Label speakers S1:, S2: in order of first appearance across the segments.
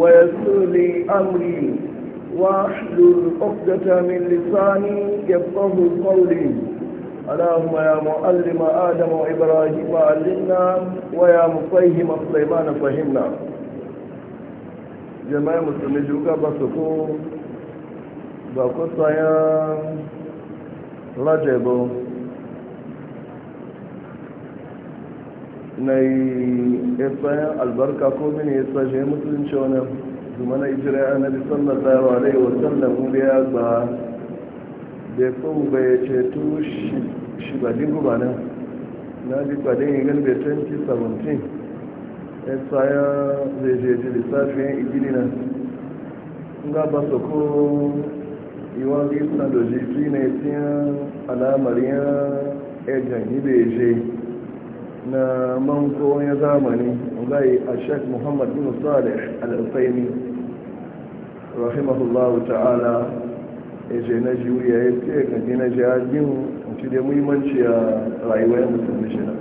S1: ويسر لي أمري وأحذر عقدة من لساني يفقه قولي اللهم يا معلم آدم وإبراهيم علمنا ويا مفهم سليمان فهمنا جماعة مسلمين جوكا بسكو بقصة رجبو na yi isayen albarka ko mini ya sashe musulunci wani zuma na ijira ya nabi da yawon sannan wuri ya ba da kuma bai ceto shi ba din ba nan na ji kwadin yi gani bai 2017 isayen zai je ji lissafin igili nan ga ba su ko iwon risa da jiki na itin alamar yan ejan ibe je na manko ya zamani gai a sheik muhammad bin salih al-usaini rahimahullahu ta'ala ya ce na juriya ya ce kanti na jihadin mutu da muhimmanci a rayuwar musulmi shida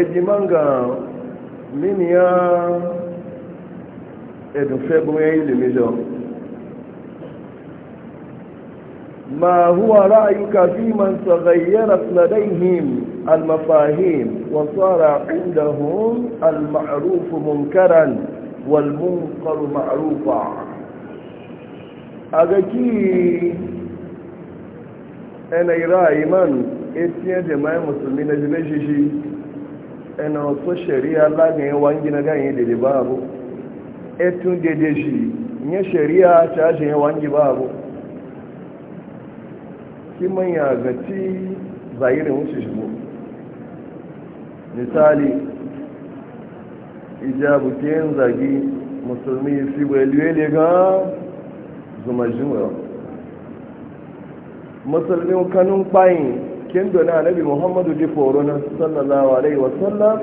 S1: ejiman ga min ya ya february limijon ما هو رأيك في من تغيرت لديهم المفاهيم وصار عندهم المعروف منكرا والمنكر معروفا أغاكي أنا رأي من إتيا جماعة مسلمين جميشي أنا وصو الشريعة لأنه وانجنا غاية لبابه بابو إتو دي دي شي ني شريعة تاجي وانجي بابو ki ya gaci ci zahirin wuce shigo misali ijabu ke yin zagi musulmi fi wele ga zuma jimuwa musulmi kanun bayin kin dona nabi muhammadu di na sallallahu alaihi wasallam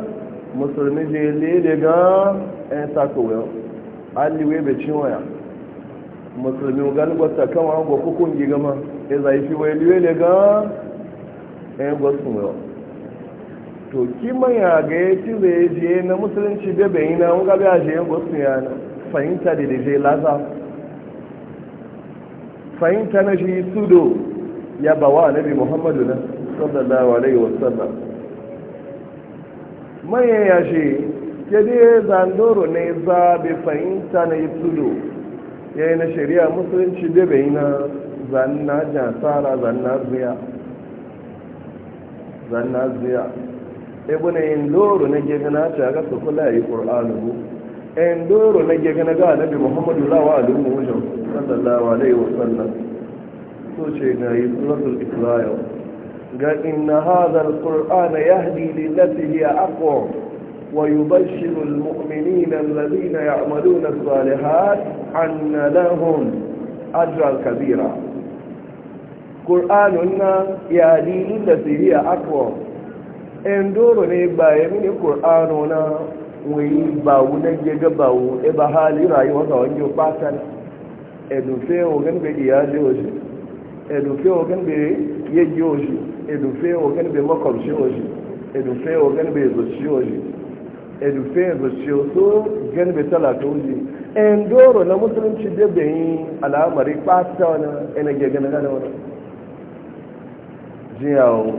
S1: musulmi je lele ga ɗan sakowar alliwe bai cin waya musulmi ganin wata kama ga hukun gigama ẹzà ìfiwọ̀ ìlú lè gan ẹgbọ́ sùn lọ to kimanya ga ya ci zai je na musulunci bebe yi na wuka biya je ẹgbọ́ sùn ya na fahimta da je laza fahimta na shi sudo ya ba wa nabi muhammadu na sallallahu alaihi wasallam manya ya ke dai zandoro ne za bai fahimta na yi sudo ya yi na shari'a musulunci bebe yi na zanna jansara zanna zanna ziya ibn indoro na gebe na ta ga su kula yi qur'anu bu indoro na gebe ga annabi muhammadu lawa alaihi wa sallallahu alaihi wa so ce ga yi suratul isra'il ga inna hadha alqur'ana yahdi lillati hiya aqwa ويبشر المؤمنين الذين يعملون الصالحات أن لهم أجرا Kabira? ƙur'anun na yadinin da a akwọ endoro ne ba ya mini ƙur'anu na yi bawu na gega bawu e ba hali rayuwa ga wani pata edufe ogan bai iyali oji edufe ogan bai yaji oji edufe ogan bai makwabci oji edufe ogan bai zuci oji edufe zuci oso gan be talata oji endoro na musulunci da bai yi al'amari fatan na ina gega na gana wani jiyawo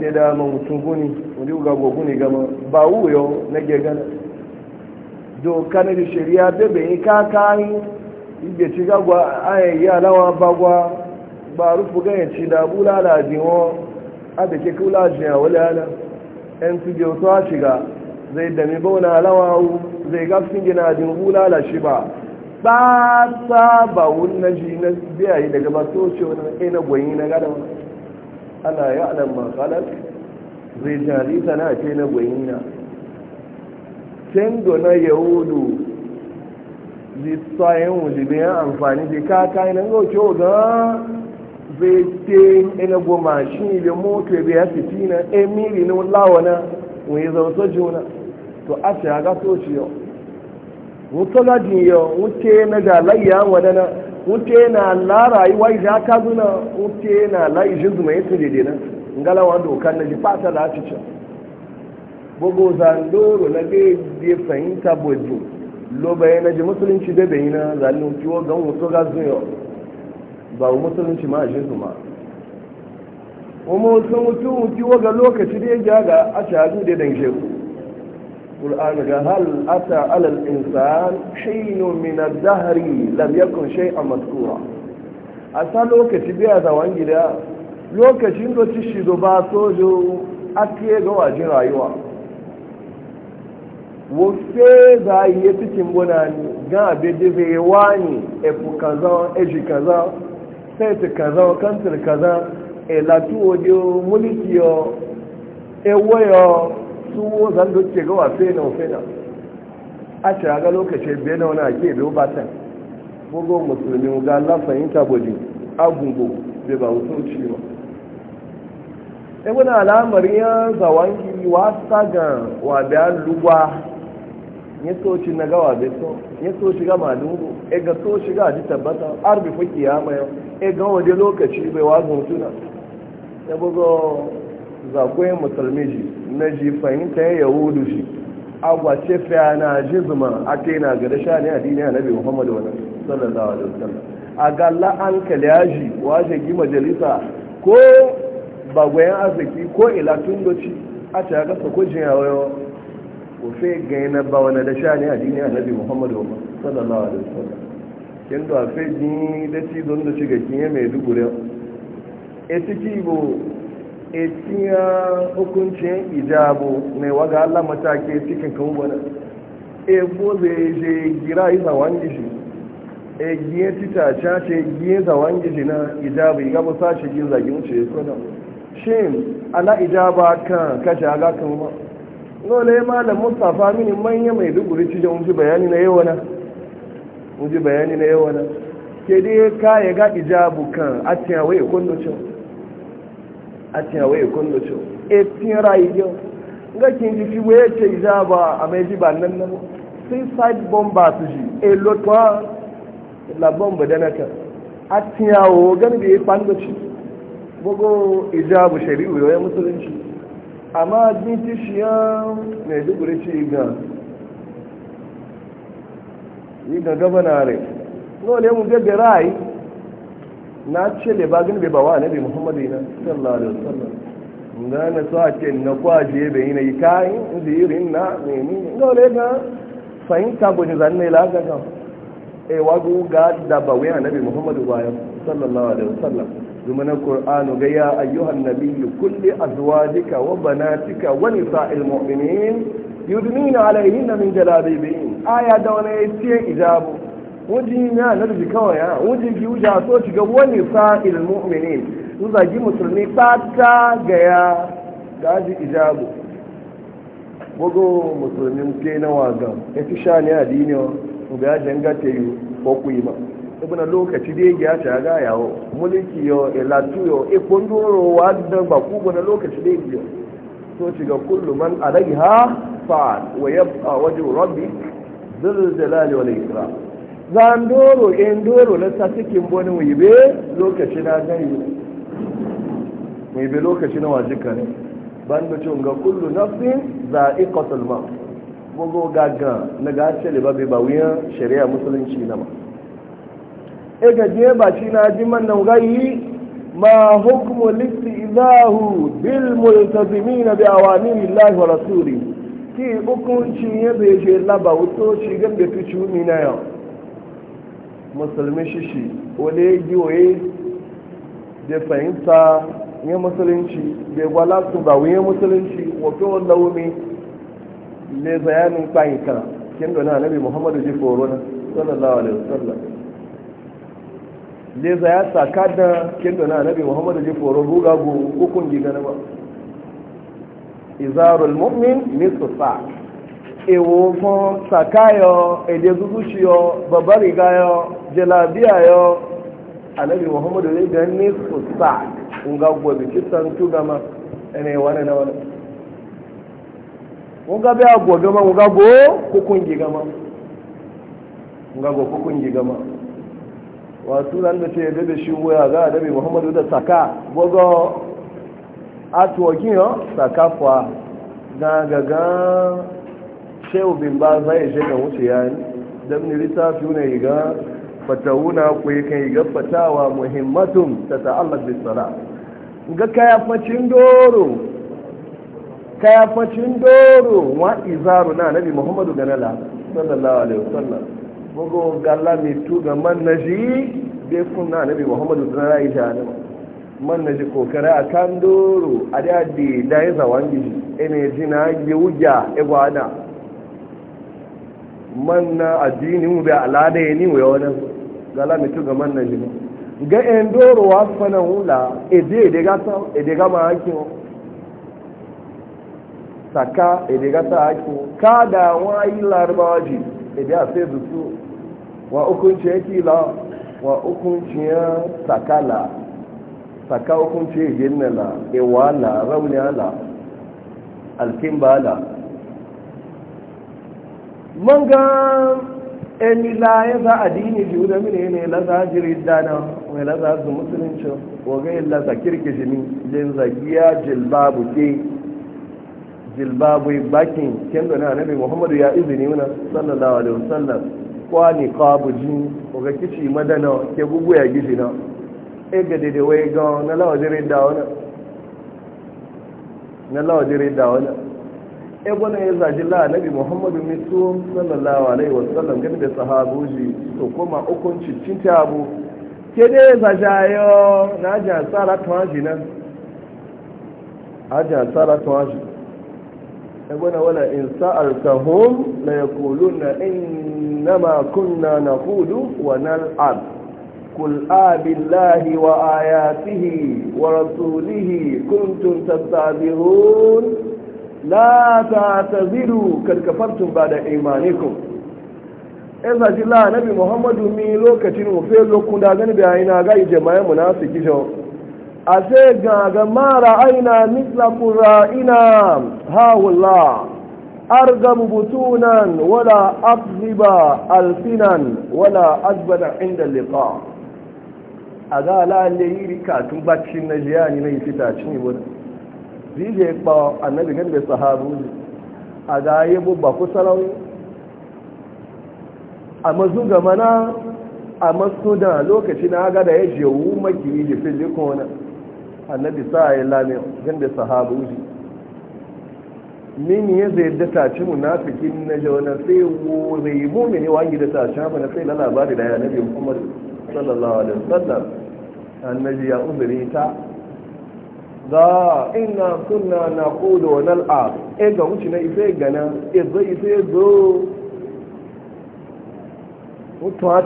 S1: de da ma mutum guni wani gago guni gama ba wuyo na gegana doka na da shari'a bebe yi kakayi ibe ci gagwa ayayyi alawa bagwa ba rufu ganyen ci da bula da jiwo a da ke kula jiya wale ala yan su je wasu shiga zai dami bauna alawa zai gafin gina jin bula da shi ba ba ta ba wunan ji na yi daga ba so ce wani e na gwayi na gada ana ya'lam ma khalaq zai jari sana ce na gwayina tendo na yahudu lissayen wujibin ya amfani da kaka ina ga wuce ga zai te ina goma shi da moto da ya fiti na emiri na lawana wani zauta juna to a ce ya gaso shi yau wuce lajin yau wuce na galayya wadana wuce na la rayuwa ya ka zuna wuce na la ijin zuma ya tsaye dena ngalawa dokan na ji fata la ci ci bugu zandoro na ga ya fahimta bojo lo bayan na ji musulunci da bayi na zalin kiwo gan wuto ga zuyo ba musulunci ma ajin zuma kuma sun wuto kiwo ga lokaci da ya ga a shahadu da dangeku القرآن قال هل أتى على الإنسان حين من الدهر لم يكن شيئا مذكورا أسأل لوكتي بيها وانجي دا لك اندو تشيدو باتوجو أكيد واجين رايوا wofe za a yi cikin gona ne ga abin da zai wa ne efu kaza eji kaza saiti kaza kantar kaza elatu odiyo mulkiyo ewoyo tuwo zan dukke ga wa fena fena a ce lokaci biya na wani ake biyo batan bugun musulmi ga lafayin fahimta gwaji agungo bai ba wuto ci ba e alamar ya zawangi wata saga wa biya ya soci na gawa beto ya soci ga malungu e ga soci ga ji tabbata arbi fa mayan e ga waje lokaci bai wa guntuna ya e, bugo zakwai musulmi ji na ji fahimta ya yahudu shi agwace fiya na zuma a kai na gada sha ne a duniya na bai muhammadu wani sallallahu alaihi wasallam a galla an kalyaji waje gi majalisa ko bagwayen arziki ko ilatun doci a ce ga sako jiya wayo ko fe gai ba wani da sha ne a duniya na bai muhammadu wani sallallahu alaihi wasallam kin da fe ji da ci don da ci ga kinye mai dugure e ciki bo etiya hukuncin ijabu mai waga Allah matake cikin kawunan ebo zai je gira yi zawon gishi e giye tita ce giye zawon gishi na ijabu yi gaba sashi giye zagin ce suna shin ala ijaba kan kashe aga kan ma lole malam mustapha mini manya mai duguri cije unji bayani na yawana unji bayani na yawana ke dai ka ya ga ijabu kan a tiyawa ya kundu ati hawa ya kundu co e tin rayu Nga kin ji fi waye ce za ba a ji ba nan nan sai side bomba su ji e lotwa la bomba da naka ati hawa gani bai kwando e ci bugu ijabu shari'u ya e musulunci amma jin tishiyan mai dubure ci ga yi ga gabana rai dole mu gabe ra'ayi na ce le bagin bai bawa nabi muhammadu na sallallahu alaihi wasallam nga na so ce na kwaje bai na yi ikai zirin na nemi ga wale ga fahimta bo ni zanne la ga ga e wagu ga da bawe nabi muhammadu baya sallallahu alaihi wasallam zuma na qur'anu ga ya ayyuhan nabiyyu kulli azwajika wa banatika wa nisa'il mu'minin yudnina alayhinna min jalabibihin aya da wani tiye ijabu wujin ya lardi kawai ya wujin ki wuja so ci ga wani fa'il mu'minin su zagi musulmi fata ga ya gaji ijabu bugu musulmin ke na waga ya fi sha ne adini ku ga yajin gata yi ko ku yi ma ibn lokaci da ya ta ga yawo mulki yo elatu yo e kondoro wa da ba ku na lokaci da ya so ci ga kullu man alaiha fa'al wa yabqa wajhu rabbik dhul jalali wal ikram in doro na sasikin boni wibe lokaci na gani wibe lokaci na wajika ne ban da cin ga kullu nafsin za'iqatul maut gogo gaga na ga ce da ba wuyan shari'a musulunci na ma e ga je ba shi na ji man nan gai ma hukmu listizahu bil multazimin bi awamirillahi wa rasuli ki hukunci ya bai je laba wuto shi gambe tuci na yau musulmi shishi wale giwaye da fahimta ya musulunci da gwala su ba wuyen musulunci wafi wanda wumi ne zayanin kwayin kara kin na nabi muhammadu ji korona sallallahu alaihi wasallam ne zaya saka da kin na nabi muhammadu ji foro ruga go hukun giga na ba izarul mu'min nisu sa ewo fún sakayo ede zuzuciyo babbar rigayo jalabiya yau annabi muhammadu ne ga nisfu sa in ga gobe kisan tu gama ne wani na wani mun ga biya gobe ma mun ga go kukun gama mun go kukun gama wasu nan da ce bebe shi wuya ga annabi muhammadu da saka gogo atuwa kiyo saka fa ga ga ga shehu bin ba zai je ga wuce yayi dan ni littafi ne ga fatawuna ku yi kan fatawa muhimmatun ta ta'allar bisara ga kayafacin doro kayafacin doro wa izaru na nabi muhammadu ganala sallallahu alaihi wasallam gogo galla mi tu ga man naji be kun na nabi muhammadu ganala ita ne man naji kare a kan doro a da di da ya ene jina gi wuya e gwana manna addini mu be alade ni wayo yawanan gala mitu ga man nan jima ga en doro wa fana hula ede ede ga ta ede ga ma aki o saka ede ga ta aki hakiwo kada wa yi larabawa ji ede a sai su wa hukunci ya la wa hukunci ya saka la saka hukunci ya jinna la iwala rauni ala alkimbala man ga emi la ya za a dini biyu da mine ne la za jiri dana mai la za su musulunci waga yin la za kirkishi ni jin zagiya jilbabu ke jilbabu bakin kendo da na nabi muhammadu ya izini muna sallallahu alaihi wasallam kwa ni qabu jin waga kici madana ke gugu ya gishi na e ga dede wai ga na lawa jiri da wana na lawa jiri da wana ebona eh, ya zaji la nabi muhammadu mitu sallallahu alaihi wasallam gani da sahabuji to kuma ukun cinta abu ke dai zajayo na ji tsara tuwaji nan aji tsara tuwaji ebona eh, wala in kulu la yaquluna nama kunna hudu? wa nal'ab قل wa ayatihi wa rasulihi kuntum تستعبرون la ta taziru karkafartun ba da imanikum in zaci la nabi muhammadu mi lokacin mufe lokun da gani bayan na ga na munafiki jo a sai ga ga mara aina mitla qura'ina ha walla argam butunan wala afziba alfinan wala azbana inda liqa a ga la ne yiri bacci na jiyani na yi fita cin wani zije kpa annabi gan da sahabu a ga yi bubba kusa a mazu gama na a masu da lokaci na gada ya je wu maki yi da fili kona annabi sa ya lamin gan da sahabu ne min ya zai da taci munafikin na jawana sai wo zai mumini wangi da taci mu na sai na labari da ya nabi muhammad sallallahu alaihi wasallam annabi ya uzuri ta za ina suna na kodo wa nal'a e ga wuce na ife gana e zo ife e zo mutu a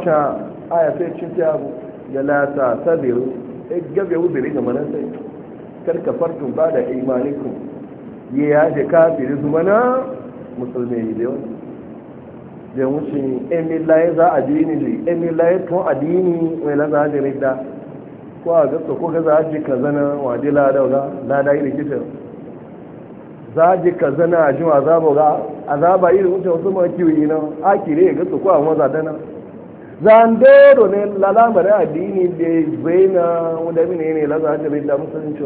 S1: aya sai cin ta abu ga lata sabiru e gabe wuzuri ga mana sai karka farkin ba da imaniku ya yaje kafiri zuma na musulmi ne da wuce. zai wuce emilaye za a dini ne emilaye tun adini mai lazarin da ko a gasa ko ga zaji ka zana waje lada ga lada iri kita zaji ka zana a jima azaba ga azaba iri wuce wasu ma yi na a kire ga gasa ko a maza dana zandero ne lalamari addini da zaina wanda mini ne laza hajjar da musulunci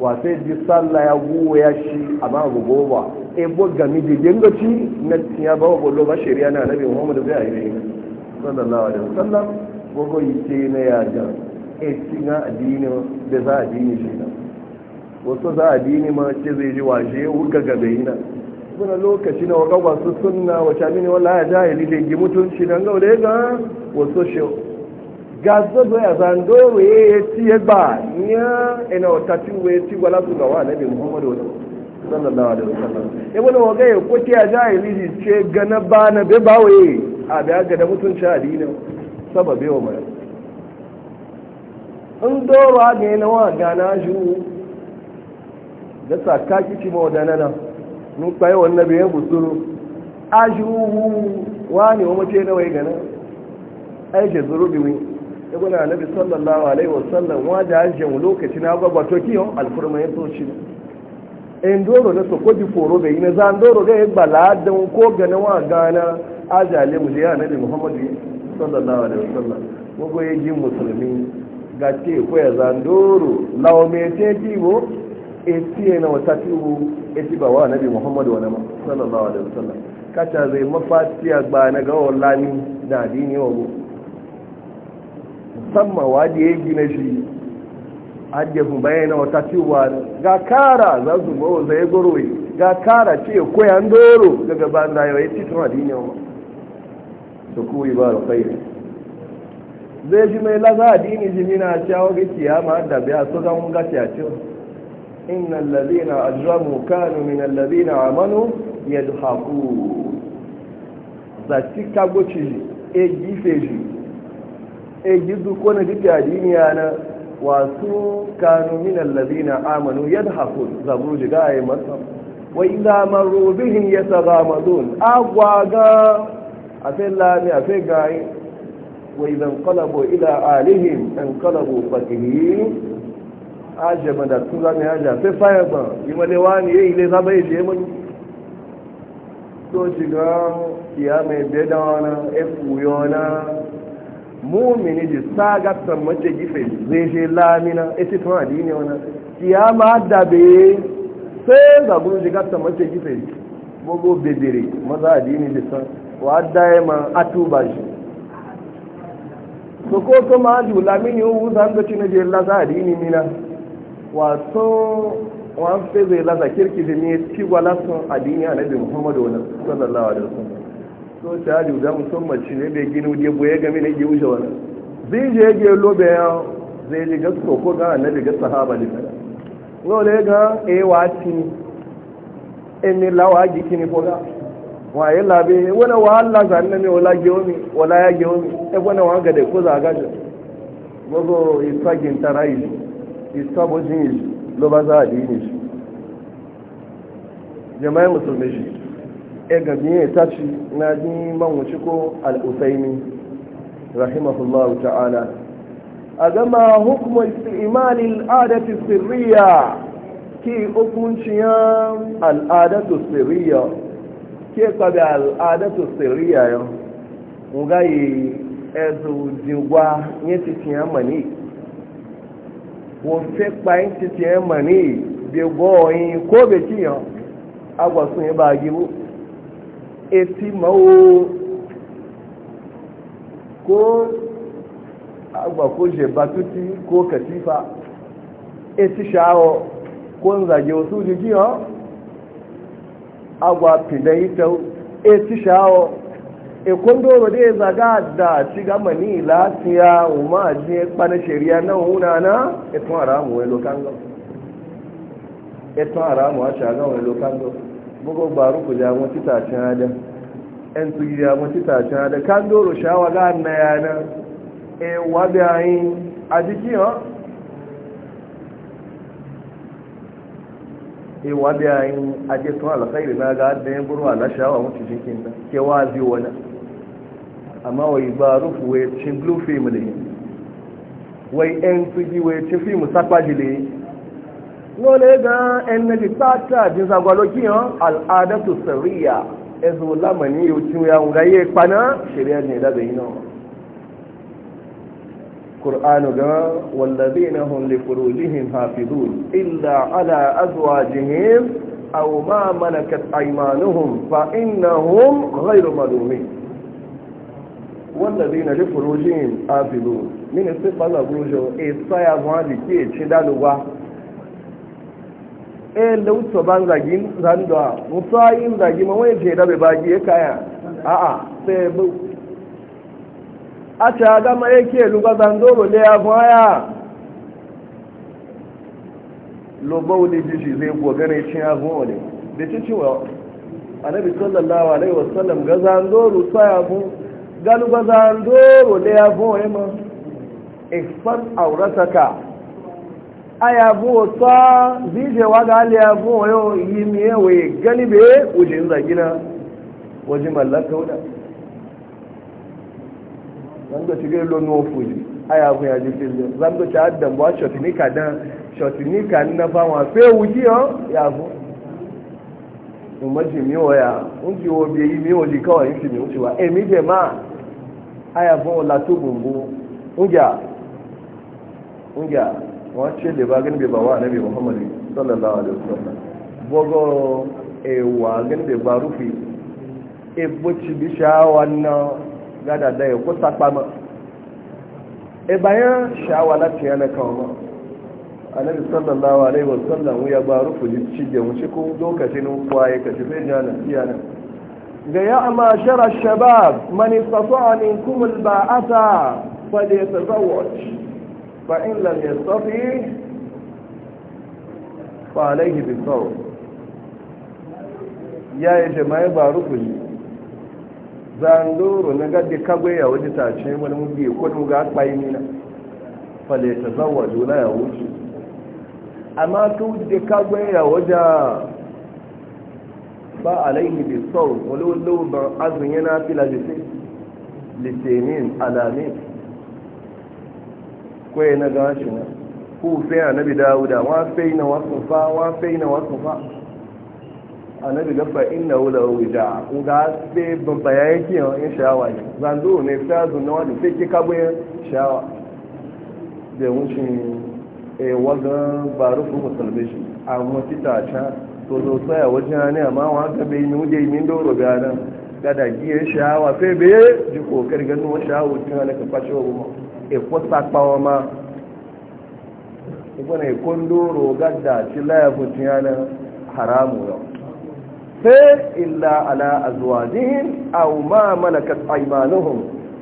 S1: wa sai ji sallah ya ya shi a ma gugu ba e bo gami da na tiya ba wa ba shari'a na nabi muhammadu zai a yi ne sallallahu alaihi wasallam gogo yi ce na yajar e eh, cikin addini da za a dini shi na wasu za a dini ma ce zai ji waje wuka gabe yana suna lokaci na waka wasu sunna wace amini wala ya jahili da gi mutunci don gau da ya ga wasu shi gaza zo ya zando ya ci ya ba ya ina wata ci ya ci wala su gawa na bin muhammadu wani sallallahu alaihi wasallam ya wani waga ya kwace ya jahili ce gana ba na bai bawaye a biya ga da mutunci a dini sababewa mara in doro aga yi nawa gana ju da tsaka kici ma wadanana nun kwaye wannan bayan busuru a juhu wani wa mace nawa ya gana aishe zuru biyu ya guna nabi sallallahu alaihi wasallam wajen ajiyar lokaci na gwagwato kiyon alfurma ya soci in doro na sokoji foro bai yi na zan doro ga ya yi baladan ko gana wa gana ajiyar lemuliya nabi muhammadu sallallahu alaihi wasallam ya jin musulmi ga ce kwaya zandoro laumete kiwo etiye na wata kiwo eti ba wa nabi muhammadu wani sallallahu alaihi wasallam kacha zai mafatiya ba na gawar lami da adini wa mu musamman waje ya gina shi ajiyafin bayan na wata kiwa ga kara za su bawa zai gorowe ga kara ce kwaya doro daga ban da yawai titin adini wa mu su kuwi ba da kai zai ji mai laza dini ji mina cewa ga kiyama da biya su zan ga ciyacin inna a ajramu kanu min na amanu yadhaku za ci kago ci e gife ji e gizu ko na dika dini na wasu kanu min allazina amanu yadhaku zabu e e ji ga ayi masa wa a marru a yataghamadun lami a ne afega وإذا انقلبوا إلى أهلهم انقلبوا فكهين ajaba da tun zami haja yi wani wani ya yi ne zaba maza so ko to ma ju mini wu zan da tinu je la a dini ni mina wa so wa fe zai la kirki da ne a dini a adini annabi muhammadu sallallahu alaihi wasallam so ta ju da musamman ci ne be ginu je boye ga mini ji wuce wala zai je ge lobe ya zai ji ga so ko ga annabi ga sahaba ne no le ga e wa ti eni lawa gi kini ko ga wa yi labe wani wahala za nne wala geomi wala ya geomi e wani wa ga da ko za ga gogo isa gintara yi isa bojin yi lo ba za a di ni jama'i musulmi shi e ga biye ta ci na ji man wuce ko al-usaimi rahimahullahu ta'ala a gama hukumar istimalin adati sirriya ki hukunciyar al'adatu sirriya ke kwabe al'adatu sirriya yau nga yi ẹzù jìgwa nye titi ya mani wọ́n fẹ́ pa yín titi ya mani bí gbọ́ yín kó bẹ tí yàn agwasun yẹn bá a gíwó etí mawo kó agwa kó jẹ batuti kó katifa etí ọ kó nzàjẹ òtún jìgì yàn. agwa pidan ita e ti shawo e kondo ba dai zaga da ci ga mani lafiya umar je kpana shari'a na huna na e tun haramu wai lokan ga a shaga e wai kandor ga gbaru ku jamun mu ci hada en su ya mu ci ta cin hada kan shawa ga na yana e wabi ayin a jiki ha e eh, wa biya yin aje tun alkhairi na ga adin yin burwa na shawa mutu jikin da ke wa zai wani amma wai ba rufu wai cin blue film ne wai yan tuji wai cin film sakwa jile lole ga yan na jisata jin zagwaloki yan al'adatu sariya ezo lamani yau ciwo ya wuraye kwana shirya ne da bai yi nawa قرآن جاء والذين هم لفروجهم حافظون إلا على أزواجهم أو ما ملكت أيمانهم فإنهم غير ملومين والذين لفروجهم حافظون من الصفة لفروجه إيسايا غادي كي تشدالوا e lauta ban zagin zanduwa musayin zagi mawai ce da bai bagi ya kaya a'a sai a ta gama yake lugazan doro da ya baya ni da jiji zai gogane cin abuwa ne da ci wa annabi sallallahu alaihi wasallam gazan doro saya mu galu gazan doro da ya baya ma ifan aurataka aya buwa sa wa ga aliya buwa yi yi miyewa gani be wujin zagina wajen mallaka wadanda zango ci gai lomi ofu aya kun ya ji zango ci adam wa shotinika dan shotinika na fa wa fe wuji o ya fu mi o ya unji bi yi mi o li kawai yin mi wa emi de ma aya fun o la to bumbu unja unja wa ce da ba gani bai ba wa annabi muhammadu sallallahu alaihi wasallam bogo ewa gani bai ba rufi ebbo ci bi sha gada da ya kusa kpama e bayan sha'awa lafiya na kawo ma annabi sallallahu alaihi wasallam ya ba rufu cige mu cikin lokacin kwaye ka ci sai jana tiyana ga ya amma shara shabab mani man istata'a minkum alba'ata falyatazawwaj fa in ya yastati fa alayhi bisawm ya yi jama'a ba rufu zandoro na gadi kagwe a waje tace wani mugi kudu ga akpai nina fale ta zawa juna ya wuce amma tu da kagwe ya waje ba alaihi bi sau wani wallo ban azun yana fila jise litinin alamin kwaye na gashi na ku fiya na bi dawuda wa fai na wasu fa wa fai na wasu fa annabi gaba inna wula wuja ga sai babba ya yake in shawa ne zanzu ne ta zunna wani sai ki kabo ya shawa da wuce a e, wajen barufu musulmi shi a mafita can to zo tsaya wajen hannu amma wa ka bai yi wuje min doro ga nan gada giye shawa sai bai ji kokari ganin wa shawo tun hannu ka fashe wa kuma a e, ko kawo ma ibana e kondoro gadda ci cin hannu haramu yau sai illa ala azwajihim aw ma malakat aymanuhum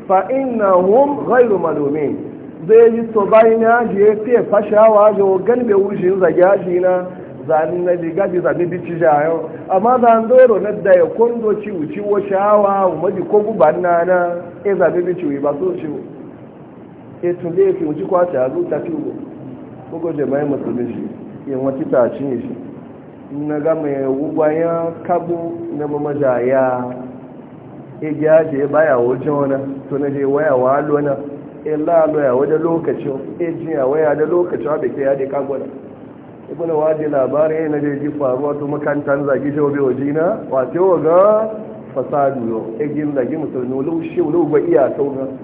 S1: fa innahum ghayru malumin zai yi to bayina je fiye fashawa jo ganbe wujin zagaji na zanin na diga bi zani bici jayo amma zan doro na da ya kondo ci uci wo shawa maji ko guban nana e bi ci wi ba so ci e to dai ki uci kwata azu ta tugo ko go je mai musulmi shi yin wata ta cin shi na ya mai wugwayen kabu na mamaja ya igiya je baya wajen wana to na je waya wa na, illa e loya wajen lokacin ejiya waya da lokacin abin ke yade kagwada ibina waje labarai na je ji faruwa to makantar zagi shi wabe na wato waga fasadu yau egin zagi musulmi wani uba iya sauran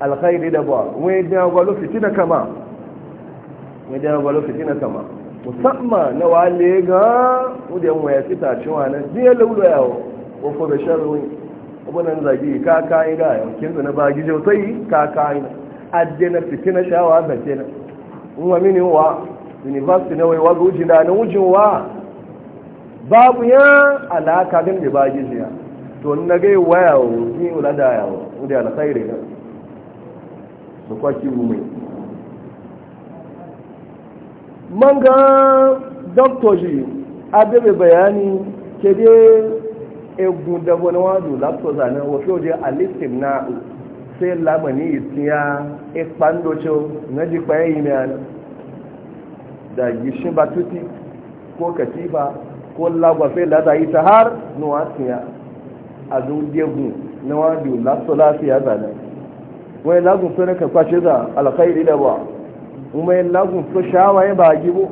S1: alkhairi da ba wani dagwalo fitina kama wani dagwalo fitina kama musamman na wale ga wujen waya fita cewa na jiya laula yawo ko ko bashar ruwi abunan zagi ka kai ga yau kin da na bagi jautai ka kai na adde na fitina shawa da kenan in wa mini wa university na wai wazo jina na wujin wa babu ya alaka gan da bagi jiya to na ga waya ni ulada wa wujen alkhairi na su kwaki mu mai man ga doktoji abebe bayani ke de egun da wani wadu laptop zanen wasu waje a listin na sai lamani isiya ikpandocin na jikpayen yi mai da gishin batuti ko katifa ko lagwafe lada yi ta har nuwa siya a zugegun na wadu laptop lafiya zanen wani lagun fere ka kwashe za alkhairi da ba kuma yin lagun to shawaye ba gibo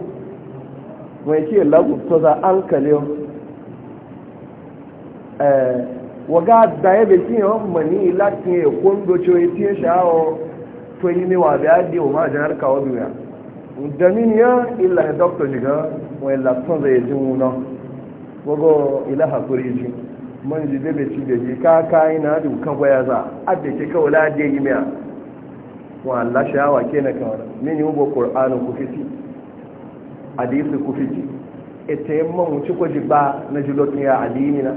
S1: mai ke lagun to za an kale eh, waga da ya bai cinye wani mani latin ya kundo cewa ya tiye sha'awa to yi ne wa da ya diwa ma janar kawo duniya da min ya illa ya doktor shiga wani latin zai jin wuna wago ila hakuri ji man ji bebe ci da ji ka kayi na dukan gwaya za a da ke kawai la da yi miya wa Allah shawa ke na kawar yi ubo Qur'anu ku fiti hadisi ku fiti ita yamma mu ci kwaji ba na jilotin ya adini na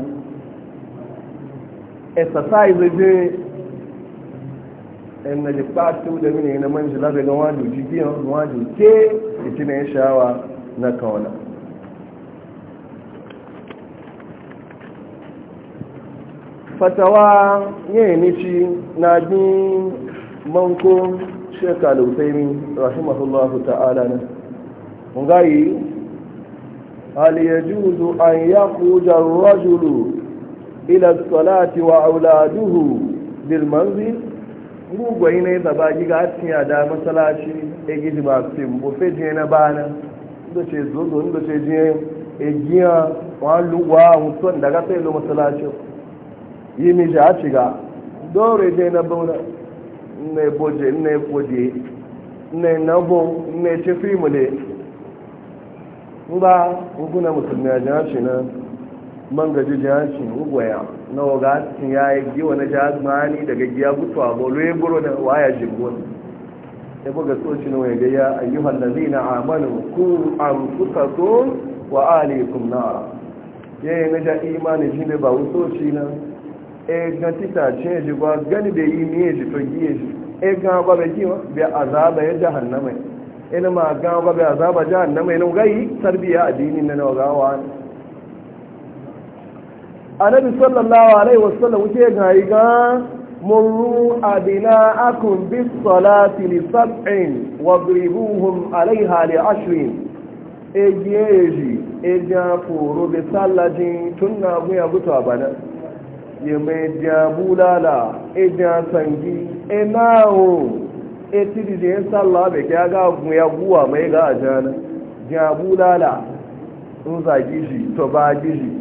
S1: exercise je en na ji tu da mini na manji labe ga wadu jiki na wadu ke ita ne shawa na kawala fatawa yayin nishi na bin mankon shekaru al-usaimi rahimahullahu ta'ala ne mun gayi hal yajuzu an yakhruja ar-rajulu ila as-salati wa auladuhu bil manzil gugwai ne da bagi ga tiya da masalaci e gidi ba sim bo fe je na bana da ce zo zo da ce je e giya wa luwa mutun daga sai lo masalaci yi mi ja ci ga dore je na bauna nne boje nne kwodie nne nabo nne chefi mule ngba na musulmi ajanci na man gaji janci ngwaya na waga tin ya yi giwa na jazmani daga giya gutu a bolo ya e buru na waya jibon ya buga e soci na waga ya ayyuhan lazina amanu ku anfusakum wa alikum ya yayin e na ja imani shi ne ba wusoci na egan titacen shi ba gani da yi miye shi to giye shi egan ba bai kiwa bai azaba ya jahannama ina ma gan ba bai azaba jahannama ina gai tarbiya addini na gawa annabi sallallahu alaihi wasallam wuce ga yi ga murru abina'akum bis salati li sab'in wadribuhum alaiha li ashrin egiyeji ejan foro bi sallajin tunna guya gutu abana E e e ya mai jabulala idan sangi inawo eti da jin sallah bai kya ga ya guwa mai ga ajana jabulala sun zagi shi to ba gishi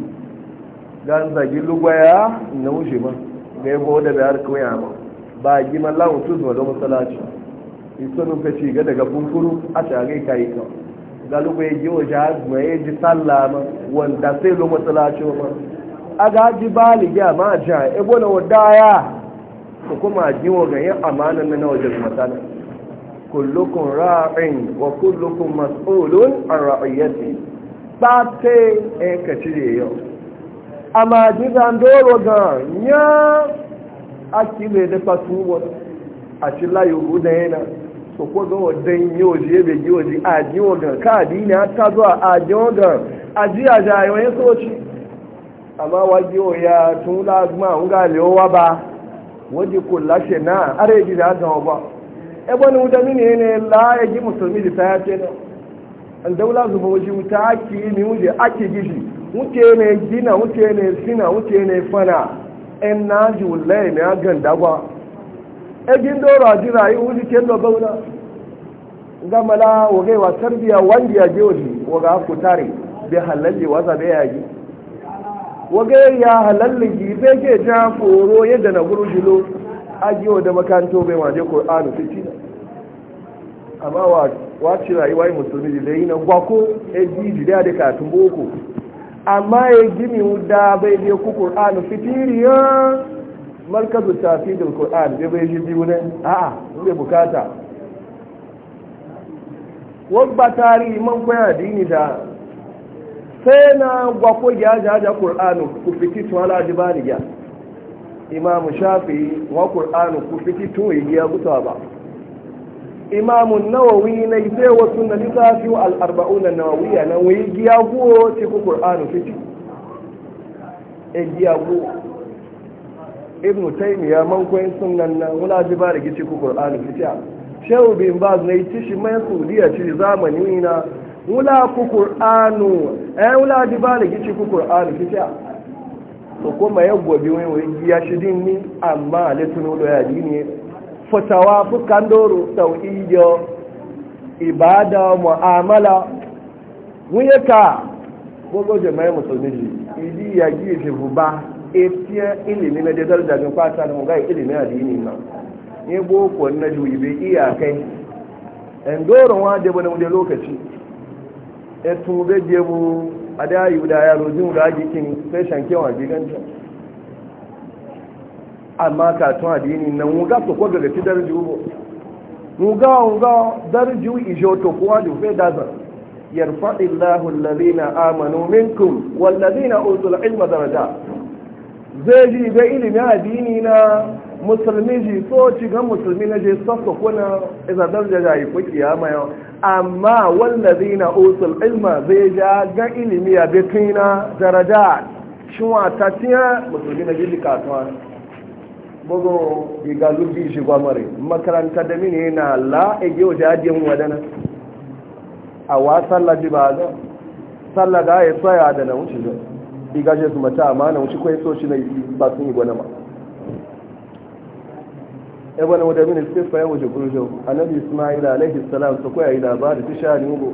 S1: gan zagi lugwaya na wuce ma ga yabo da bayar kawai ma ba gi mallahu tuzu da musalaci isonu ka ci ga daga bunkuru a tare kai ka ga lugwaye ji wa jaz mai ji sallah ma wanda sai lo musalaci ma aga ji baligi a maja ebo na wadaya ko kuma ji wa ganyen amana na wajen matsala kullukun ra'in wa kullukun mas'ulun an ra'iyyati ba ta e ka cire yau amma ji zandoro ga ya a mai dafa fasuwa a ci layu guda yana so ko ga wadan yau ji ya e begi waje a ji wa gan ka a ta zuwa a ji wa gan a ji a jayoyin soci amma waje oya tun wula azuma n ga wa ba waje ko lashe na are yi da azuma ba ebon wuta mini ne la ya ji musulmi da taya ce an daula zuba waje wuta ake yi ne wuje ake gizi wuce ne gina wuce ne sina wuce ne fana en na ji wula ya ne agan dagwa egin doro a jira yi wuji ke lo gauna gamala wa gaiwa sarbiya wanda ya je waje waga kutare bai halalle waza bai yaji waga ya halallin zai ke ja furo yadda na guru jilo ajiyo da makanto bai waje ƙor'anu fiti na amma ci rayuwa yi musulmi da yi na gwako ya ji jide da katun boko amma ya gini da bai je ku ƙor'anu fitiriya markazu tafi da ƙoranu da bai ji biyu ne? a'a bai bukata wabba tarihi man kwaya dini da sai na gwakwa ya jaja ƙur'anu ku fiti tun ala ji bani ya imamu shafi wa ƙur'anu ku fiti tun yi ya gusa ba imamu nawawi na yi sai wasu na lissafi wa al'arba'u na nawawi ya nan wai giya guwo ce ku ƙur'anu fiti e giya guwo ibn taymiya man koyin sunan nan wala ji ba da gici ku ƙur'anu fiti shehu bin baz na yi tishi mai saudiya ci zamani na wula ku qur'anu eh wula di ba ne kici ku qur'anu kici to kuma ya gobe wani wani ya shi din ni amma le tuno do ya dini fatawa fukan doro tauhido ibada mu'amala wuyaka gbogbo jama'i musulmi ji idi ya ji ji buba etiye ilimi na dedar da bin fata na mugaye ilimi a dini na ne boko na juyi bai iyakai ɗan doron wa da wani lokaci etun beje bu adaya yuda ya rojin da ajikin sai shanke wa giganta amma ka tun adini na wuga su kwa gaga ti darji ubo mu ga darji ijo to kuwa da fe dazan yarfaɗi Allahu lalina amanu minkum wallazina utul ilma daraja zai ji ga ilimin adini na musulmi ji so ci ga musulmi na je sassa kuna izadar da ya yi kuki ya mayan amma wallazi na otul ilma zai ja ga ilimi a bitina daraja shinwa ta tiya musulmi na jirgin kasuwa bugu igalu bi shi gwamare makaranta da mini na la ege wajen wadana a wa sallah ji ba zan sallah da ya tsaya da na wuce zan igaje su mata amma na wuce kwaye so shi na yi ba sun yi gwanama ibn wa min al-sifa ya wuce kurjo annabi isma'il alaihi salam su koya yi labari ta sha nugo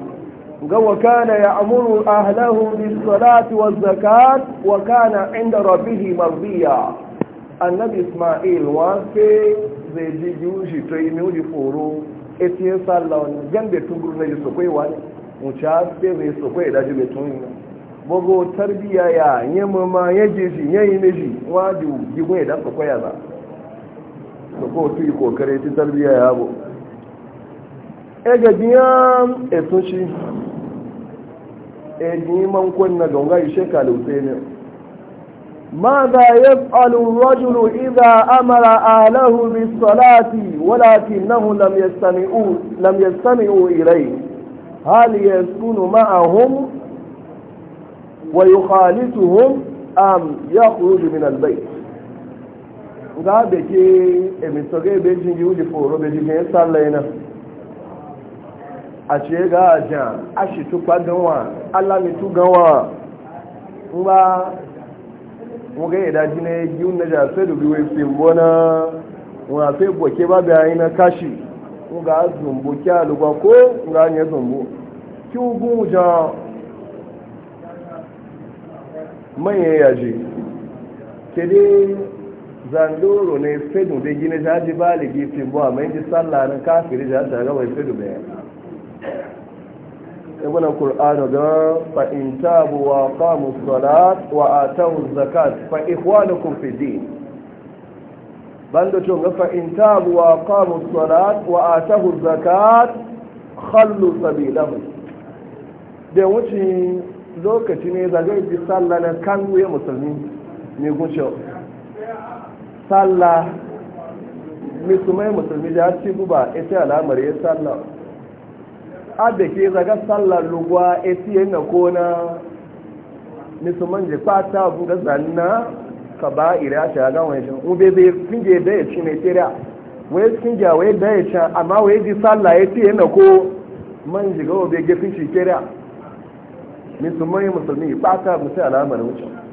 S1: ga wa kana ya'muru ahlahu bis salati waz zakat wa kana inda rabbih mardiya annabi isma'il wa sai zai ji yushi to yi mu foro etie sallon gambe tunguru ne su koyi wani mu cha sai zai su koyi da jibe tun bogo tarbiya ya yemma ma yaje shi yayi ne shi waju gigo da su koya da kowace yi kokare ta talbiya ya yi tsalu rajulu iza amara alahu bi salati walakin nahu lam ya sami u irai hali ya sunu ma'ahun wa yi halittuhun am ya kuru jimin albaiki Nga da ke emisoge bejin yiwu da foro bejin yin tsallai nan a ce ga ajiya a shi tukwa ganwa alamitu ganwa ba muka yi daji na yiwu na jafe da biyu fi mbona wafe boke ba bayan na kashi Nga zumbu ki lugwa ko nga ne zumbu ki ugun ja manye yaje kede zandoro ne fedu da gina jaji baligi fin buwa mai ji tsallarin na kafiri jaji ta gaba fedu bayan ibn qur'an da fa in tabu wa qamu salat wa atu zakat fa ikhwanukum fi din bando to ga fa in tabu wa qamu salat wa atu zakat khallu sabilahum da wuce lokaci ne zagaye bi sallah kan wuya musulmi ne gucewa Salla, musulmai e musulmi da ci guba e ita alamar yin e salla. abe ke zaga salla lugwa eti yin na kona musulman je kwata buga zanna ka ba ira shi ga wani shan ube zai kinge da ya ci mai tira wai kinge wai da ya ci amma wai ji sallah ita yin na ko man jiga obe gefin shi tira musulmai musulmi kwata musu alamar wucin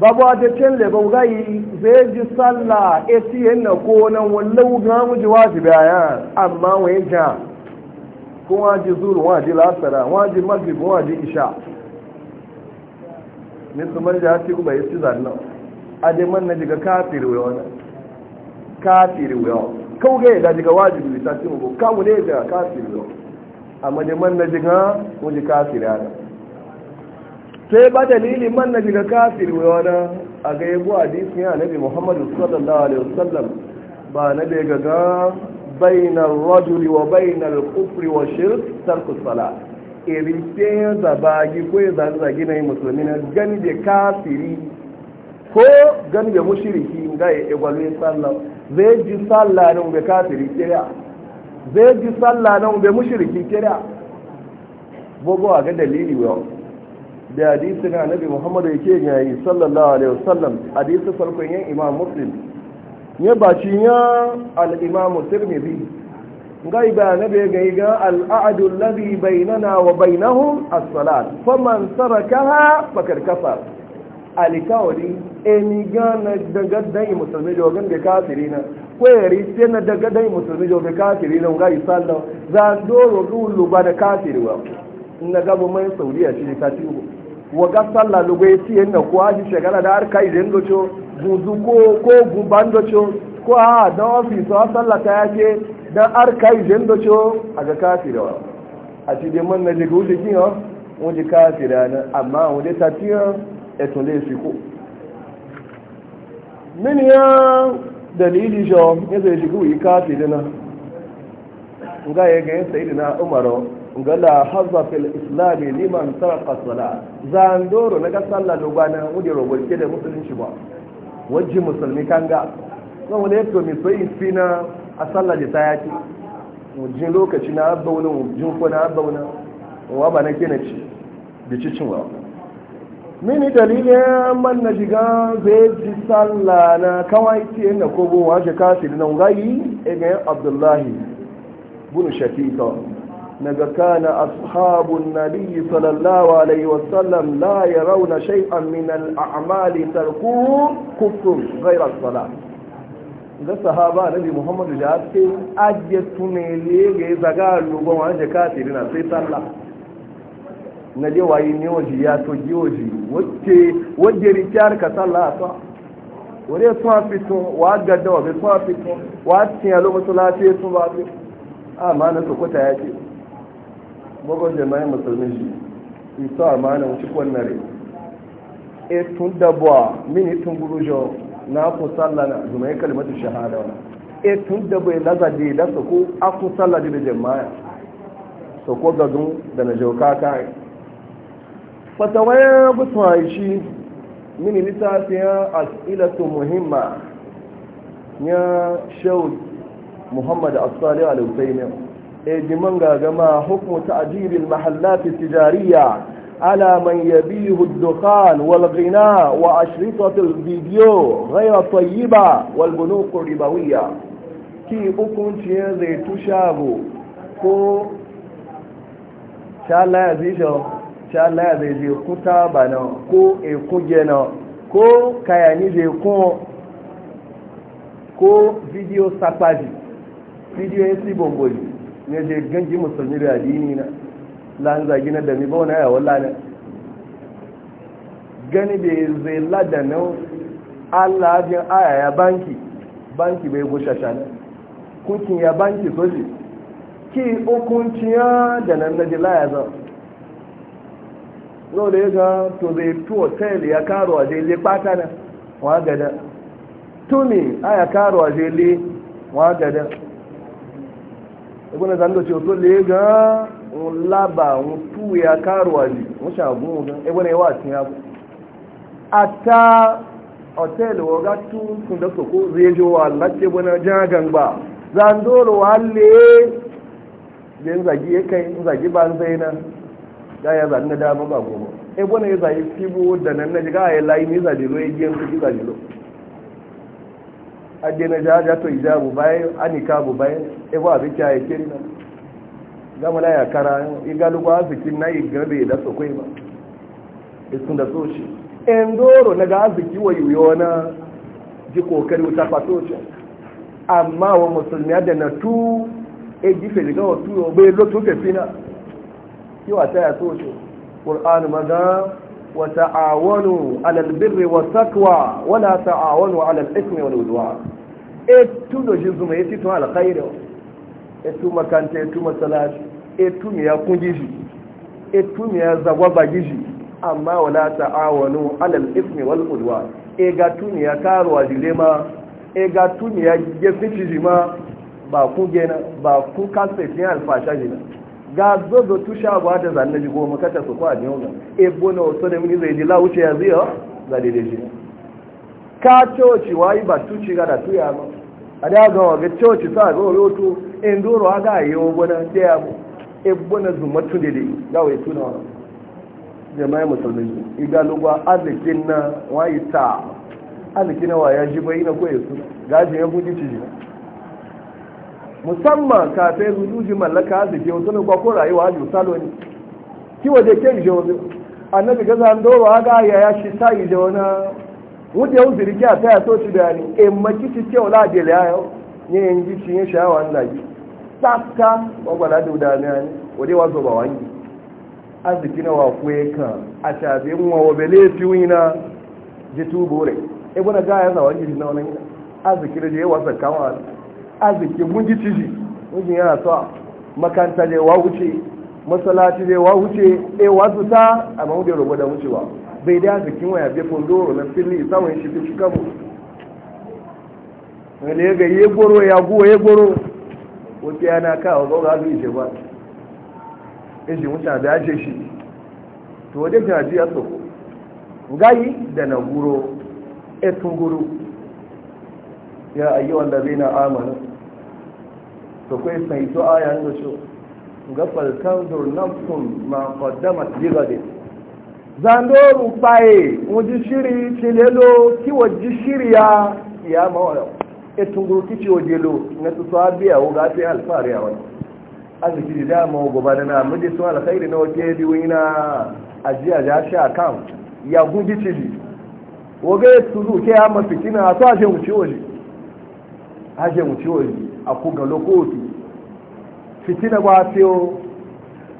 S1: babu a ta cin lebau gai zai ji sallah atn na ko nan wallau ga mu ji wajibi bayan amma wani ja kun waji zuru waji lasara waji magrib waji isha ni su ya hati kuma ya ci zannan a dai man na jiga kafir wa wani kawo ga da jiga wajibi bisa ci mu kawo ne ga kafir wa amma dai man na jiga mu ji kafir sai ba dalilin man na daga kafir wani a ga yabo hadisi a nabi muhammadu sallallahu alaihi wasallam ba na da ga ga bainar rajuli wa bainar kufri wa shirk tarkus sala irike ya zabagi ko ya zagi zagi yi musulmi na gani da kafiri ko gani da mushiriki ga ya egwale sallah zai ji sallah na ube kafiri kira zai ji sallah na ube mushiriki kira gbogbo a ga dalili wa da hadisi na annabi muhammadu yake yayi sallallahu alaihi wasallam hadisi farkon yan imam muslim ya baci ya al-imam tirmidhi ngai ba annabi ga ga al-a'd alladhi bainana wa bainahum as-salat faman tarakaha faqad kafar alikawli eni gana daga dai musulmi jogan da kafirina kwayari sai na daga dai musulmi jogan kafirina ngai sallallahu za doro dulu ba da kafirwa na gabo mai saudiya shi ta ciwo waga sallah lugwe ti yin da kuwa shi shagala da harka idan doco guzu ko ko guban doco ko a da ofis wa sallah ta yake da harka idan doco a ga kafira wa a ci dai man na jiga wuce kin yau wuce kafira na amma wuce ta tiya eto le fi ko min ya dalili jo ya zai shiga wuyi kafira na ga ya ga yin sayidina umaru ngala hazza fil islam liman taraka salat zan doro naga sallah do bana wuje rogoke da musulunci ba wajji musulmi kanga zan wala yato mi sai fina a sallah da tayaki wajin lokaci na abba wani wajin ko na abba wani wa ba na kina ci da cicin wa mini dalilin man na shiga zai ji sallah na kawai ce na kogo waje kafin nan gayi ga abdullahi bunu shafiqa naga kana ashabun nabiyyi sallallahu alaihi wasallam la ya rauna shay'an min al-a'mali tarkuhu kufrun ghayra as-salat ga sahaba nabi muhammadu da ake ajiye tunele ga zaga lugon wani jaka tirina sai sallah na je wayi ne waje ya to ji waje wacce wajen rikiyar ka sallah a sa wani sun fito wa gaddawa bai sun fito wa tiya lokacin lafiya sun ba a ma na sokuta ya ce bugun jama'in musulmi shi a ma'ana wuce kwanan rai e tun dabuwa mini tun jo na ku salla na zumai kalmatu shahada wa e tun dabuwa ya laza da ya ku a ku salla da jama'a su ku gazun da na jauka kai fatawaya yi shi mini ya as'ilatu muhimma ya shawul Muhammadu asali salih al ejiman gagama hukumu ta'jirin mahallati tijariya ala man yabihu dukkan wal ghina wa ashritatul video ghaira tayyiba wal bunuqu ribawiya ki hukun ci zai tushago ko sha zai jo sha Allah zai je kuta bana ko e kuje na ko kayani zai ko ko video sapaji video yi ne je gangi musulmi da addini na lan zagi na dami ba wani ya walla ne gani bai zai ladanin allah abin aya ya banki banki bai gusha shana kukin ya banki soji ki hukunciya da nan na jila ya zan yau da ya ga to zai tuwa hotel ya karo a jele pata na wagada tumi aya karo a jele gada. ibn zando ce to le ga un laba un tu ya karuwa ji un shagun ga ibn yawa tin ya ata hotel wo ga tu kun da soko zai je wa lace bana jagan ba zando ro halle den zagi ya kai zagi ba zai na da ya zan da dama ba goma ibn ya zai fibo da nan na ji ga ya lai ni zadi adde na jaja to ijabu bayan anika bu bayan ebo abin kya ya e na gama na ya kara igalu e ba arzikin na igabe e da su kwai ba isun da so shi endoro na ga arziki wa yiwuwa na ji kokari wuta fasoci amma wa musulmi da na tu e ji feliga wa tu yau bai lotu fefina yi wa ta ya soci ƙur'an maza wa ta'awanu alal birri wa takwa wala ta'awanu alal ismi wal udwan etu da shi zuma ya e ci tun alkhairi etu makanta etu masalaci etu ne ya kungi shi etu ne ya zagwaba gishi amma wala ta'awanu alal ismi wal udwa e ga tuni ya karuwa dilema e ga tuni ya gefi shi ma ba ku gena ba ku kasa fi alfasha jina ga zozo tusha ba da zanne ji goma kata su kwa ne wannan e bona so da mini zai ji la wuce ya ziyo za daidai shi ka coci wai ba tuci ga da tuya ma a daga waga coci sa ga olotu in doro aga yi wa gwana daya mu ebona zuma tunde da ga wai tuna wa jama'a musulmi iga lugwa arzikin na wayi ta arzikin na waya ji bai na ko yasu gajin ya buji ci musamman kafin zuzuji mallaka arziki wasu ne kwa ko rayuwa aji misalo ne kiwa da ke jawo annabi gaza ndoro aga ya ya shi ta yi da wani wuce yau zirki a ta yato shi bayani e maki ci kyau la da layo ne yin ji shi yin shawa na ji tsaka wagwala da wudane ne wade wa zo ba wangi arziki na wakwai ka a shafi yin e wa wabele fiwi na ji tubore e bana ga ya zawa ji na wani arziki da je wasa kama arziki mun ji ciji mun ji yana sa makanta da wa wuce masalaci da wa wuce e wasu ta amma mun da rubuta wucewa bai da jikin waya bai fondoro na fili samun shi fi shikabu wani ya ga ya goro ya guwa ya goro wata yana kawo gaura zai ishe ba shi mutane da ya shi to wajen jaji ajiye soko gayi da na guro etun guro ya ayi wanda zai na amanu to kai sai to aya yanzu shi gafal kanzur nafsun ma qaddamat bi ghadin zandoru paye mu ji shiri cilelo kiwo ji shirya ya mawaya etun guru kici wa jelo na su sa biya wa gafi alfahari a wani arziki da dama wa gaba da na muje sun alkhairi na wake biyu na ajiya da shi account ya guji cili waga ya su ke ya mafi a su ashe mu ciwo ne ashe mu ciwo ne a kuga lokotu fitina ba fiyo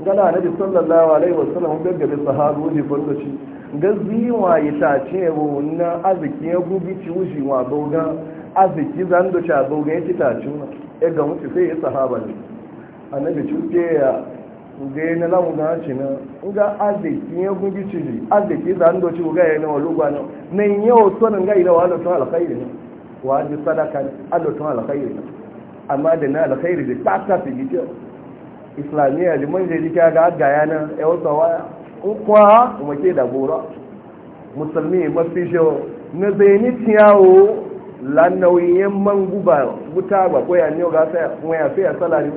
S1: gana na bi sallallahu alaihi wasallam gaggare sahabu ne farko ci gazi wa ya tace wa na aziki ya gubi ci wuji wa bauga aziki zan da cha ya ci na e ga mutu sai ya sahaba ne annabi cuke ya ga na lamu ga ci na ga aziki ya gubi ci ji zan ci ga ya na walugwa na nan yau to nan ga wa da alkhairi ne wa ji sadaka na alkhairi da islamiyya mun da jika ga ga yana ya waya in kuwa kuma ke da gora musulmi mafi shi na zaini tiyawo lannawiyen man guba wuta ba ko ya ne ga sai kuma ya fiya salari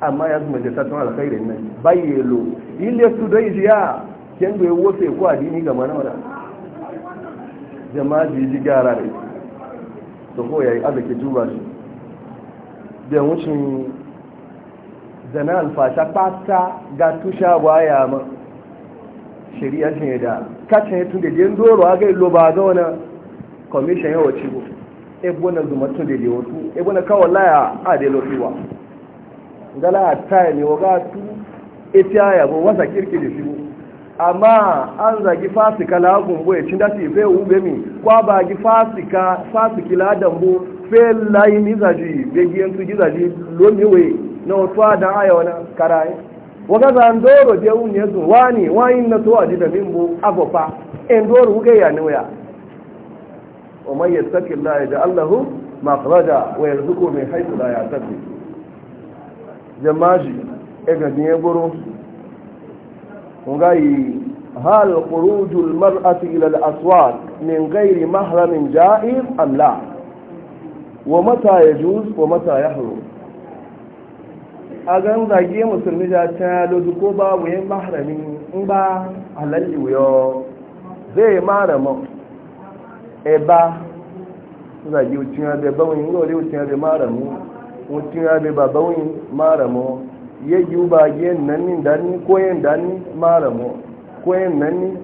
S1: amma ya zuma da tatun alkhairin nan bayyelo ile su dai jiya ken da yawo sai ko addini ga mana wala
S2: jama'a ji gara ne
S1: to koya yayi azaki juba shi da wucin zana alfasha pata ga tusha waya ma shari'a ce da kacin yato da jiyan doro a ga ilo ba ga wani commission yawa e cigo ebo na zumatun da jiyan wasu ebo na kawo laya a da lofiwa gala a taya ne waga tu e ita ya bo wasa kirki da shigo amma an zagi fasika lagun bo ya cin da su fe ube mi kwa ba gi fasika fasiki ladan bo fe layi ni zaji begiyan su gizaji lomi wai na wasu da aya wani karaye waga za an doro je un ya zo wani wani na to aji da bu abofa en doro wuga ya noya wa man yattaki Allah da allahu makhraja wa yarzuqu min haythu la yahtasib jama'i e ga ne goro yi hal qurujul mar'ati ila al-aswaq min ghairi mahramin ja'ir am la wa mata yajuz wa mata yahrum a gan zage musulmi da ta lodi ko babu yin maharami in ba halalli wuyo zai yi marama e ba zage wucin abe bawon ga wani wucin abe maramu wucin abe ba bawon ya yi ba yin nan ni dani ko yin dani maramu ko yin nan ni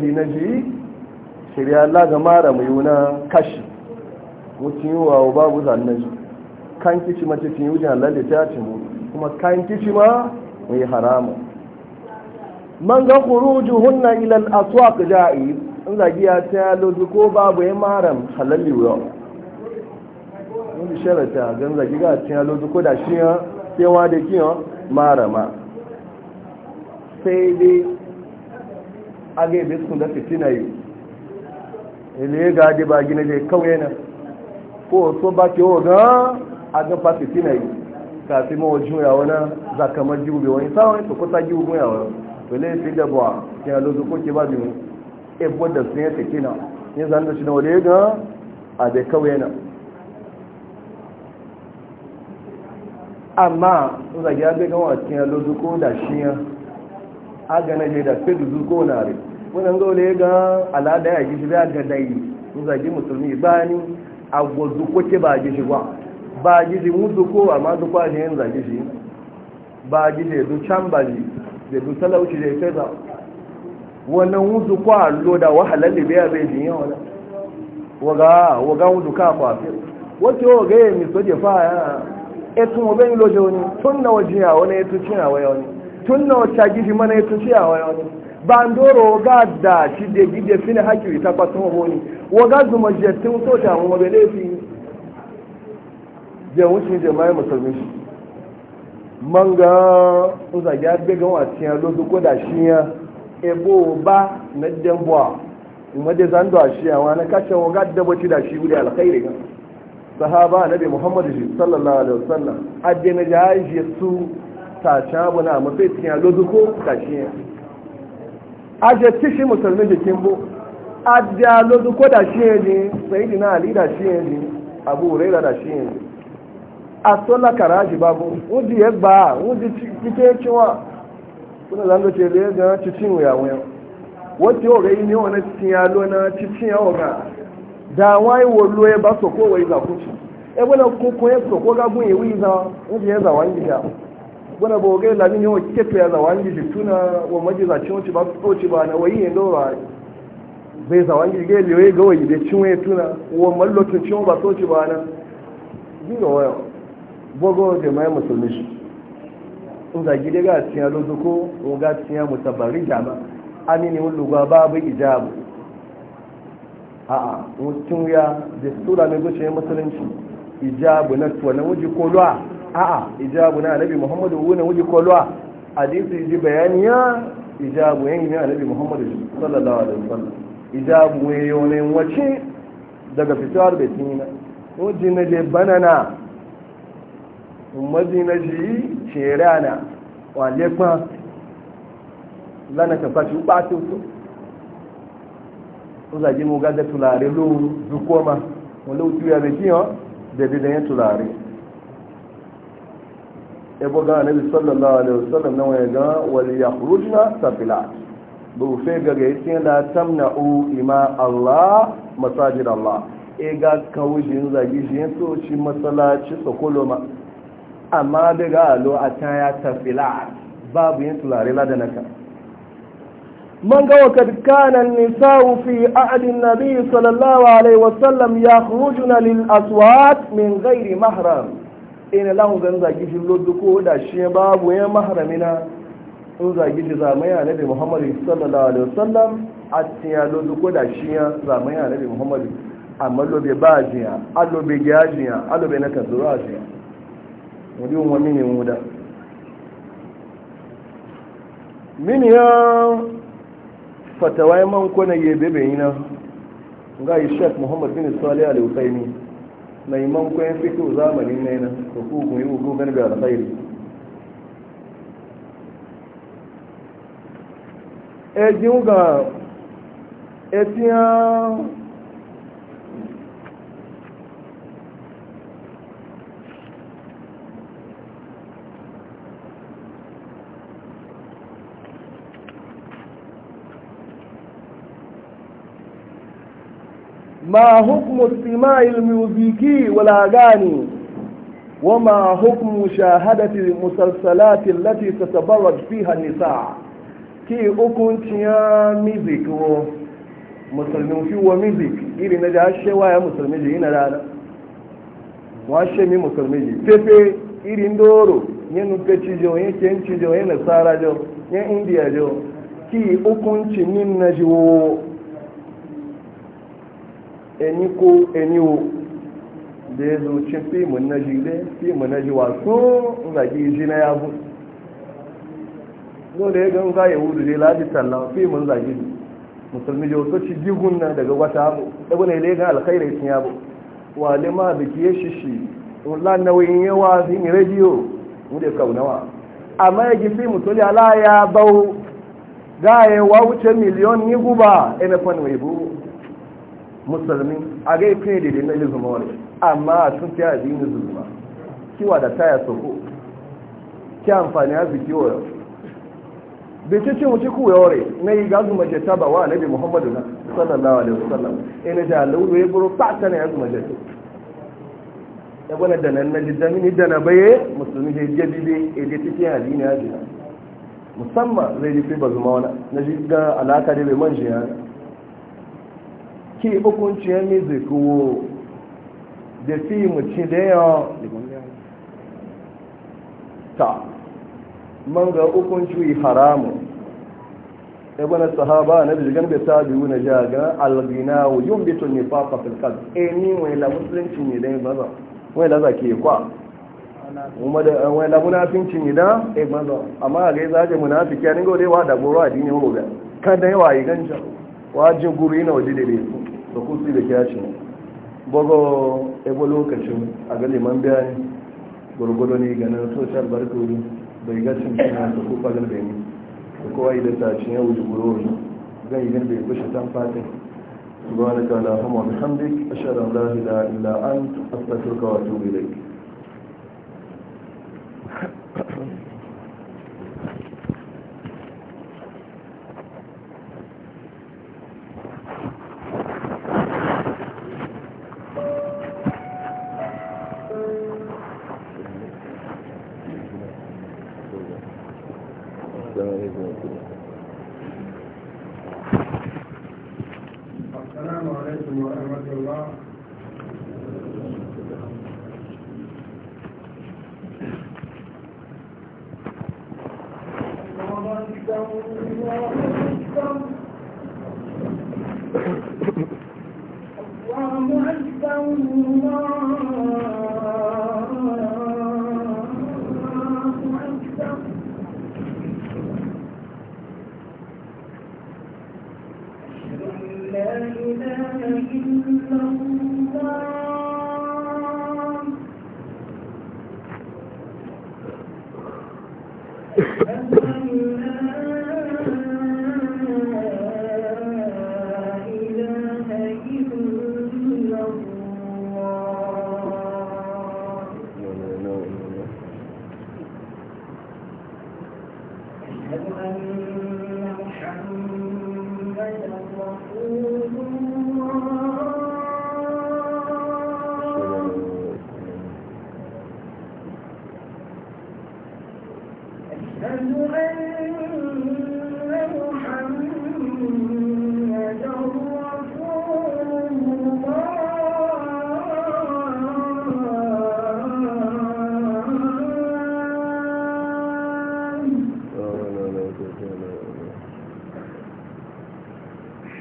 S1: in kiri Allah ga mara mai yuna kashi mutum yi wa babu zannan shi kan kici mace cin yi wujen Allah da ta ce kuma kan kici ma mai harama man ga kuruju hunna ilal aswaq ja'i in ya ta lodi ko babu ya maram halalli wuya wani sharata gan zagi ga ta lodi ko da shi ya kewa da mara marama sai dai aga ibe sun da fitina yi ele ga de ba gina je kawai na ko so ba ke oga a ga fa fitina yi ka fi mo juya wana za ka ma jibu be wani sawan to ko ta jibu mu ya wani to le fi da ba ke a lozu ko ke ba biyu e bo da sun ya fitina ne zan da shi na wale ga a da kawai na amma in zagi ya ga wa ke a lozu ko da shi ya aga na je da fi duzu ko na rai wannan gaule ga al'ada ya gishi ba ga dai mun zagi musulmi bani a gwazu kwake ba gishi ba ba gishi mutu ko amma duk ba ne yanzu gishi ba gishi du chambali da du talauci da kaza wannan mutu ko allo da wahalar da bai ya e tun wani tun mana e wani bandoro ga da shi da gide fina haƙi ta kwasan wani wa ga zuma jettin so ta mu mabe laifi je wuce je mai musulmi shi man ga uza ya be ga wa tiya lo du ko da shi ya ebo ba na demboa mu da zan da shi ya wa na kace wa ga da bace da shi wuri alkhairi ga sahaba nabi muhammad sallallahu alaihi wasallam addina jaji su ta cha bana mafi sai tiya lo du ko da shi ya a tí ṣe musulmi jikin bu a da da shi yanzu sayidi na ali da shi yanzu abu huraira da shi yanzu a karaji babu di ya ba wuji kike cewa kuna zango ce da ya ga cicin ya wuya wacce yau ga yi ne ti cikin yalo na cicin yawon ga da ya ba so ebe na kokon ya so ko gagun ya wuyi za wuji gida bana bogai lamin yawa kike to ya zawangi jituna wa maji cin wacce ba su ci ba na wayi ne dora bai zawangi ga lewe ga wayi da cin waye tuna wa mallotun cin ba so ci ba na dinga waya bogo da mai musulmi shi in ga gide ga cinya lozuko ko ga cinya mutabari jama amini wullu ga babu ijabu a'a mutum ya da sura ne gushe musulunci ijabu na tuwa na wuji ko lu'a a'a ijabu na annabi muhammadu wuna wuji kolwa hadisi ji bayani ya ijabu yan yi annabi muhammadu sallallahu alaihi wasallam ijabu ne yone wace daga fitar da tina wajen na je banana umarji na ji cerana wale kwa lana ka fashi ba ta wuto ó zàjí mo gádẹ́ tùlàrí lóòrùn dúkọ́ ma wọ́n lóòtú ẹ̀rẹ̀ jíyàn dẹ̀dẹ̀dẹ̀ yẹn tùlàrí ebo ga nabi sallallahu alaihi wasallam na waya ga wal yakhrujna safila bu fe ga ga da tamna u ima Allah masajid Allah e ga kawujin zagi shi so shi masallaci sokolo ma amma da ga lo a taya safila babu yin tulare la da naka man ga wakad kana nisa'u fi ahdi nabi sallallahu alaihi wasallam yakhrujna lil aswat min ghairi mahram ina lahu zan zagi shi lodu ko da shi babu ya maharamina in zagi shi zamaya nabi muhammadu sallallahu alaihi wasallam a tiya lodu ko da shi ya zamaya nabi muhammadu amma lobe ba jiya alobe gajiya alobe na kazura jiya wani wani ne muda mini ya fatawa man kona yebe bayina ga shek muhammad bin salih al-usaimi mai mankon fito zamanin ne na hukukun yi hukukun da alkhairi ejin ga etiyan ما حكم استماع الموسيقى والأغاني وما حكم مشاهدة المسلسلات التي تتبرج فيها النساء كي أكون تيا ميزيك مسلمين في وميزيك إلي نجا الشوايا مسلمين جينا لانا واشمي مسلمين جي تفي إلي ندورو ينو تشيجو ينكين تشيجو ينسارا جو ين إنديا جو كي أكون تيا ميزيك eni ko eni o da ya zuci fimu na jile fimu na ji wasu zaki ji na ya bu dole ya ganga ya wuzu ne laji tallan fimun ji. musulmi ji wasu ci gihun nan daga wata abu ɗabu ne lega alkhairai sun yabo wale ma biki ya shishi na nauyin yawa zin rediyo mu da kaunawa amma ya gifi mutuli ala ya bau ga ya wuce miliyon ni guba ina fan mai buru musulmi a gai fiye daidai na zuma wani amma a sun fiye addini zuma kiwa da taya soko ki amfani a ziki wa yau bici cin wuce kuwa rai na yi gazu jata ba wa nabi muhammadu na sallallahu alaihi wasallam ina da lauru ya buru fata na yanzu majata ya gwana da nan na jidamini da na baye musulmi da ya bibe ya je cikin addini ya jina musamman zai ji fi zuma wani na ji ga alaka da bai man jiyana ki hukuncin music wo da fim ci da yawa ta man ga haramu. haramun ibn sahaba na bijigan ta biyu na jaga algina yun bito ne fa filkal e, ni wani la musulunci ne da kekwa. wani la zake kwa wani amma a gai zaje munafiki ya ningo dai wa da goro da kusi da kyashin bago ebo lokacin a ga liman bayani gwargwado ne ganin social barkuri bai gashin suna da kufa galibin da kowa idan da tashin yau da gurori zan yi galibin kushe tan fatin subhanaka allahumma bihamdik a an la ilaha illa anta astaghfiruka wa atubu ilayk
S2: الله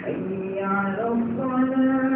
S3: حي على الصلاة